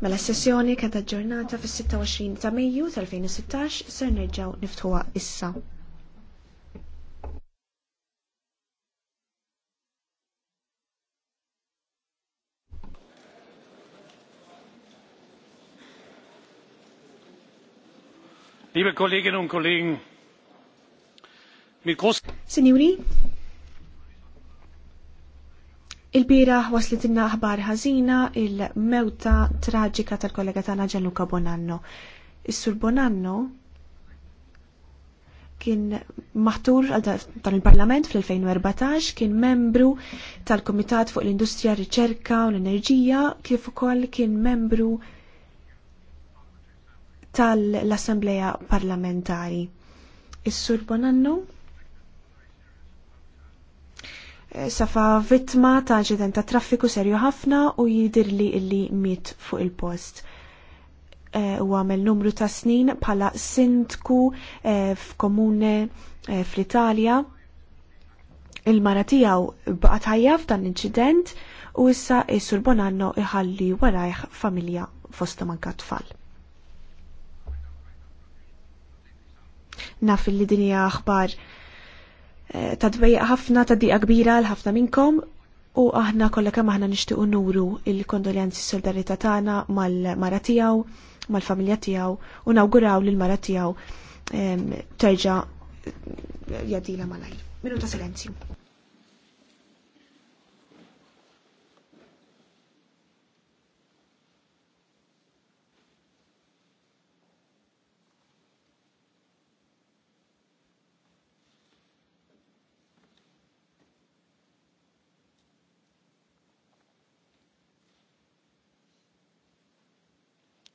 Mela sessjoni kienet aġġornata fis-26 ta' Mejju tal-2016 ser nerġgħu niftuha issa. Liebe Kolleginnen und Kollegen, mit groß Signori, Il-biraħ waslitinna ħbar aħbar ħażina il-mewta traġika tal-kollega tagħna Gianluca Bonanno. Is-Sur Bonanno kien maħtur tal il-Parlament fl-2014, kien membru tal-Komitat fuq l-Industrija, Riċerka u l-Enerġija, kif ukoll kien membru tal-Assembleja Parlamentari. Is-Sur Bonanno safa vittma ta' ġiden ta' traffiku serju ħafna u jidir li illi miet fuq il-post. E, u għamel numru ta' snin pala sindku e, f'komune e, fl-Italja. Il-mara tijaw baqat ħajjaf dan l-inċident u issa is-sur Bonanno iħalli warajħ familja fosta manka tfal. Naf li dinja aħbar Eh, ta' ħafna ta' diqa kbira l ħafna minnkom u aħna kollha kemm aħna nixtiequ nuru il-kondoljanzi solidarità tagħna mal-mara tiegħu, mal-familja tiegħu u nawguraw lil mara tiegħu ehm, terġa' jadila malajr. Minuta silenzju.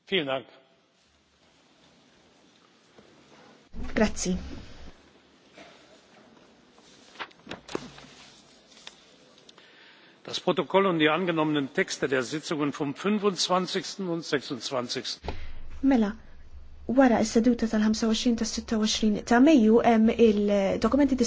Vielen Grazzi. Das Protokoll und die angenommenen Texte der Sitzungen vom 25. und 26. Mela, wara s-seduta tal-25 tas-26 ta' Mejju hemm il-dokumenti